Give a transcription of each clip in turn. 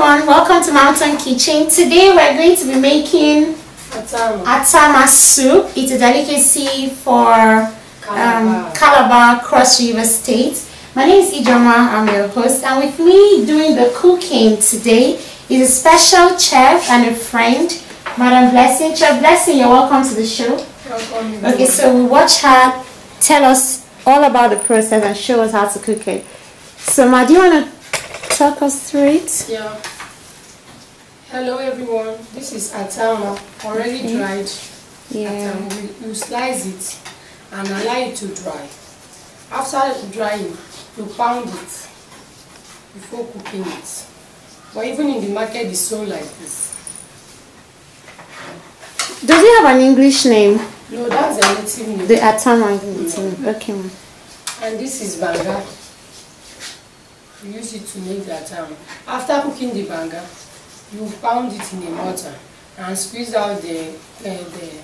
everyone, welcome to Mountain Kitchen. Today we're going to be making atama, atama soup. It's a delicacy for um, Calabar. Um, Calabar, Cross River State. My name is Ijoma, I'm your host and with me doing the cooking today is a special chef and a friend, Madam Blessing. Chef Blessing, you're welcome to the show. Welcome. Okay, so we watch her tell us all about the process and show us how to cook it. So Ma, do you want to talk us through it? Yeah. Hello everyone, this is atama, already okay. dried. Yeah. Atama, you slice it and allow it to dry. After drying, you pound it before cooking it. But even in the market, it's sold like this. Does it have an English name? No, that's a native name. The Atama. Okay. And this is Banga. You use it to make that um, after cooking the banga, you pound it in a mortar and squeeze out the uh, the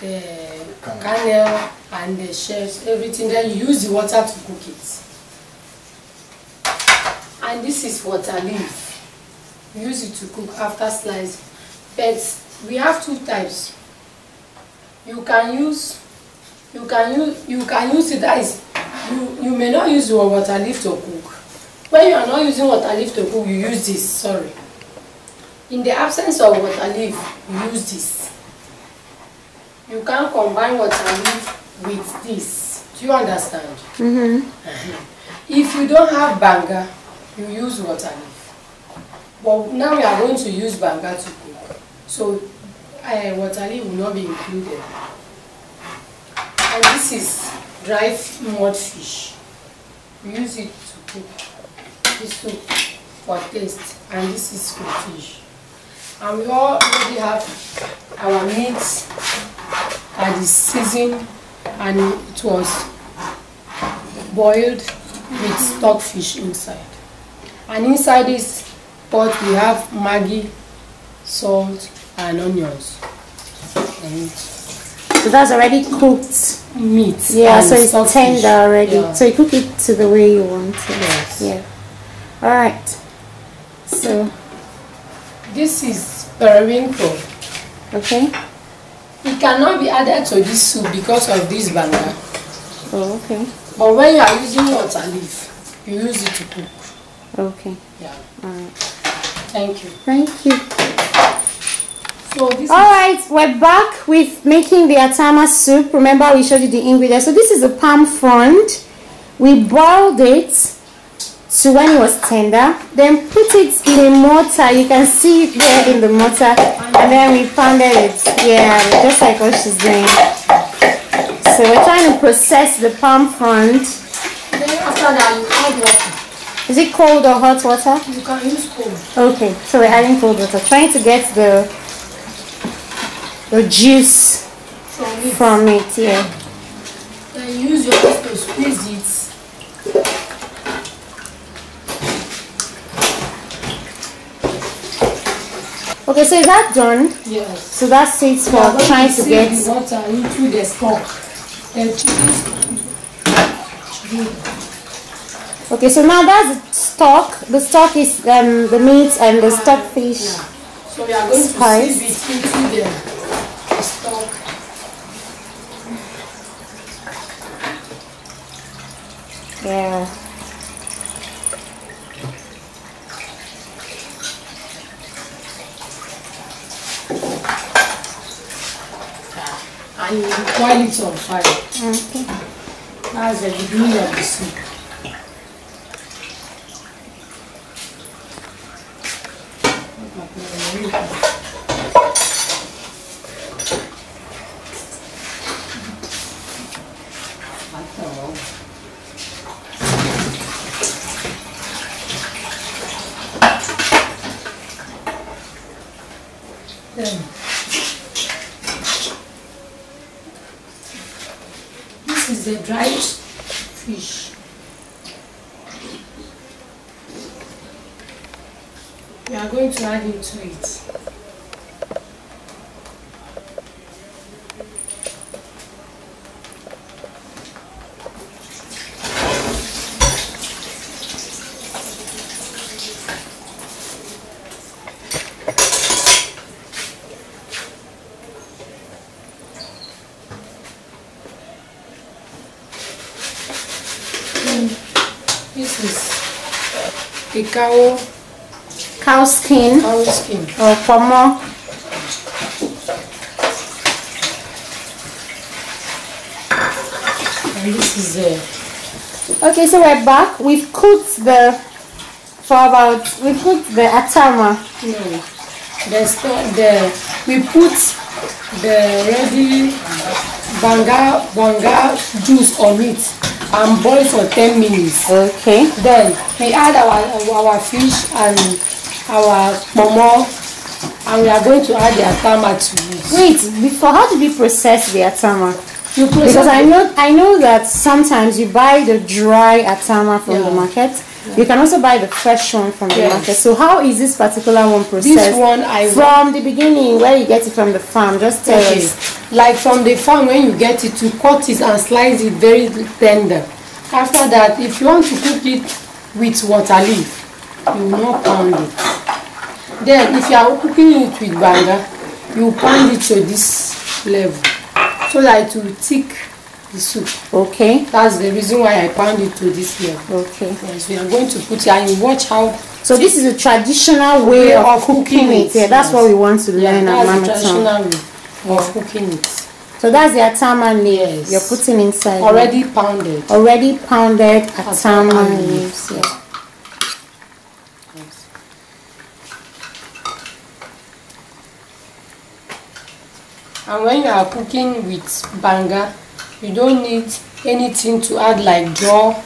the kernel and the shells, everything. Then you use the water to cook it. And this is water leaf. We use it to cook after slicing. But we have two types. You can use, you can use, you can use it as you you may not use your water leaf to cook. When you are not using water leaf to cook, you use this, sorry. In the absence of water leaf, you use this. You can combine water leaf with this. Do you understand? Mm -hmm. If you don't have banga, you use water leaf. But now we are going to use banga to cook. So uh, water leaf will not be included. And this is dried mud fish. We use it to cook this soup for taste and this is fish. And we already have our meat that is seasoned and it was boiled with stockfish inside. And inside this pot we have maggi, salt and onions. And so that's already cooked meat. Yeah, so it's stockfish. tender already. Yeah. So you cook it to the way you want it. Yes. Yeah. Alright, so this is periwinkle. Okay. It cannot be added to this soup because of this banana. Oh, okay. But when you are using water leaf, you use it to cook. Okay. Yeah. Alright. Thank you. Thank you. So Alright, we're back with making the atama soup. Remember we showed you the ingredients. So this is a palm frond. We boiled it to when it was tender then put it in a mortar you can see it there in the mortar and then we pounded it yeah just like what she's doing so we're trying to process the palm frond is it cold or hot water you can use cold okay so we're adding cold water trying to get the the juice from it, from it yeah Okay, so is that done? Yes. So that states for yeah, trying to get water into the stock. Uh, okay, so now that's the stock. The stock is um, the meat and the ah, stock fish. Yeah. So we are going spice. to the to boil it on fire. Okay. That's the beginning of the soup. This is uh, a cow. Cow skin. Cow skin. Or more. And this is a. Uh, okay, so we're back. We've cooked the for about we put the atama. No. The the we put the ready banga banga juice on it. and boil for 10 minutes. Okay. Then we add our our fish and our momo and we are going to add the atama to it. Wait, before how do we process the atama? You process because I know I know that sometimes you buy the dry atama from yeah. the market You can also buy the fresh one from the yes. market. So how is this particular one processed? This one I from the beginning where you get it from the farm. Just tell okay. us. Like from the farm when you get it, to cut it and slice it very tender. After that, if you want to cook it with water leaf, you will not pound it. Then if you are cooking it with banga, you pound it to this level so that it will thick the soup. Okay. That's the reason why I pound it to this level. Okay. so we are going to put it and you watch how. So this is a traditional way, way of, of, cooking, cooking it. it. Yeah, that's yes. what we want to learn yeah, at traditional way of cooking it. So that's the ataman leaves yes. you're putting inside. Already it. pounded. Already pounded ataman, leaves. Yeah. And when you are cooking with banga, you don't need anything to add like jaw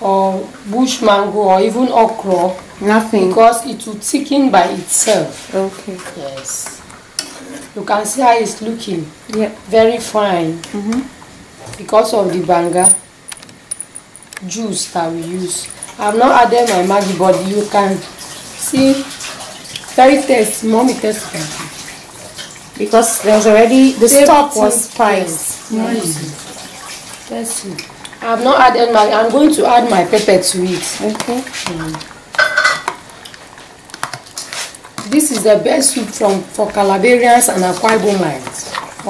or bush mango or even okra nothing because it will thicken by itself okay yes you can see how it's looking yeah very fine mm -hmm. because of the banga juice that we use i've not added my maggi but you can see very tasty mommy tasty because there's already the stock was spiced Let's see. I've not added my, I'm going to add my pepper to it. Okay. Mm. This is the best soup from, for Calabarians and Akwa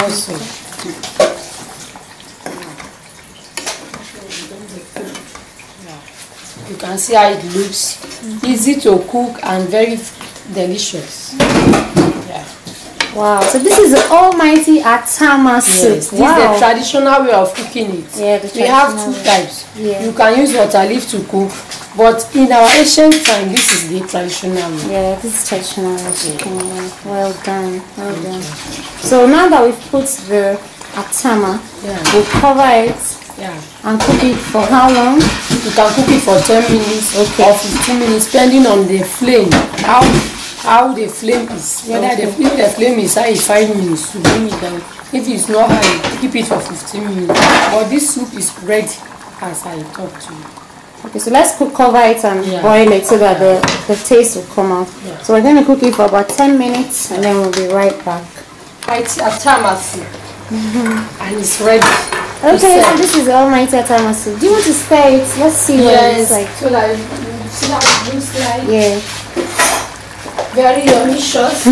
also. You can see how it looks. Mm -hmm. Easy to cook and very delicious. Wow. So this is the almighty atama soup. Yes, this wow. is the traditional way of cooking it. Yeah, the we have two way. types. Yeah. You can use water leaf to cook, but in our ancient time, this is the traditional way. Yeah, this is traditional cooking. Yeah. Well done. Well done. So now that we've put the atama, yeah. we'll cover it yeah. And cook it for how long? You can cook it for 10 minutes okay. or 15 minutes, depending on the flame, how how the flame is. Whether okay. the, if the flame is high, five minutes to bring it down. If it's not high, keep it for 15 minutes. But this soup is ready as I talk to you. Okay, so let's cook, cover it and yeah. boil it so that the, the taste will come out. Yeah. So we're going to cook it for about 10 minutes and then we'll be right back. Right, atamasi. Mm -hmm. And it's ready. Okay, so this is almighty Thomas. Do you want to stir it? Let's see yes. what it's like. So like, see how it looks like? Yeah very delicious.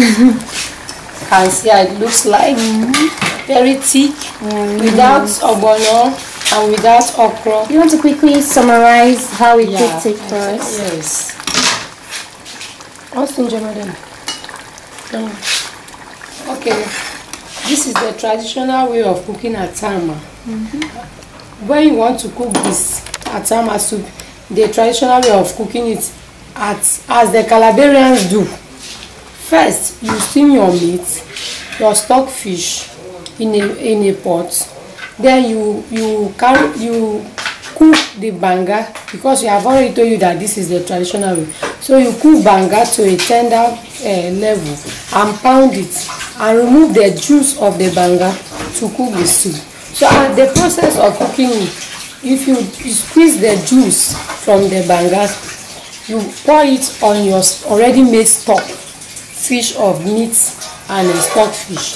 Can see how it looks like. Mm -hmm. Very thick, mm -hmm. without obono and without okra. You want to quickly summarize how we yeah, cooked it for us? Yes. What's in Jordan? Okay, this is the traditional way of cooking atama. Mm -hmm. When you want to cook this atama soup, the traditional way of cooking it at, as the Calabarians do, First, you steam your meat, your stockfish in a in a pot. Then you you carry you cook the banga because we have already told you that this is the traditional way. So you cook banga to a tender uh, level and pound it and remove the juice of the banga to cook the soup. So at the process of cooking it, if you squeeze the juice from the banga, you pour it on your already made stock fish of meat and uh, spot fish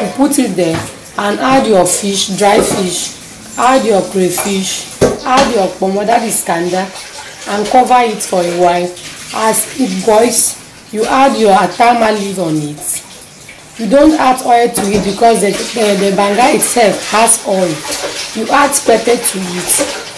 you put it there and add your fish dry fish add your crayfish add your pomo that is kanda and cover it for a while as it boils you add your atama leaf on it you don't add oil to it because the the, the banga itself has oil you add pepper to it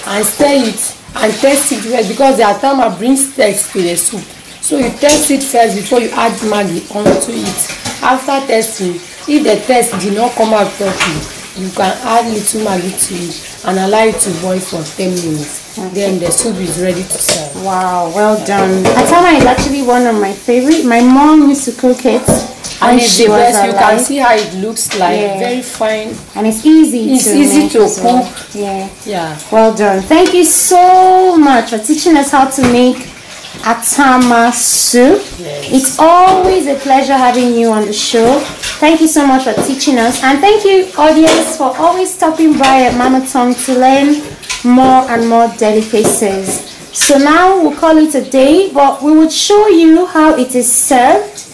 and stir it and taste it well because the atama brings taste to the soup so you test it first before you add maggi onto it after testing if the test did not come out properly you can add little maggi to it and allow it to boil for ten minutes then the soup is ready to serve. wow well done atama is actually one of my favorite my mom used to cook it and it's the best. You can see how it looks like. Yeah. Very fine. And it's easy. It's to easy to cook. Well. Yeah. Yeah. Well done. Thank you so much for teaching us how to make Atama Yes. It's always a pleasure having you on the show. Thank you so much for teaching us. And thank you, audience, for always stopping by at Mama Tongue to learn more and more delicacies. So now we'll call it a day, but we will show you how it is served.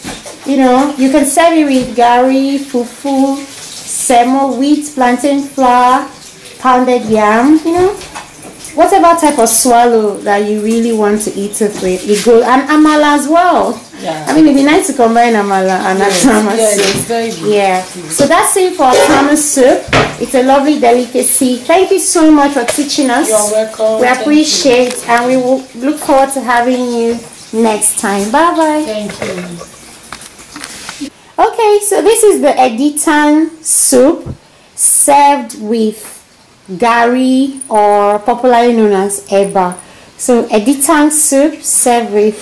You know, you can serve it with gari, fufu, semo, wheat, plantain flour, pounded yam, you know whatever type of swallow that you really want to eat it with, you go and amala as well. Yeah. I mean, it'd be nice to combine amala and yes. atama soup. Yeah, So that's it for atama soup. It's a lovely delicacy. Thank you so much for teaching us. You're welcome. We appreciate and we will look forward to having you next time. Bye bye. Thank you. Okay, so this is the editan soup served with gari or popularly known as eba. So editan soup served with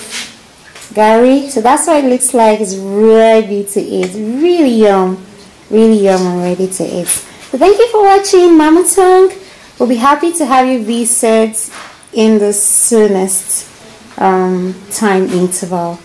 gari. So that's what it looks like. It's ready to eat. Really yum. Really yum and ready to eat. So thank you for watching Mama Tongue. We'll be happy to have you visit in the soonest um, time interval.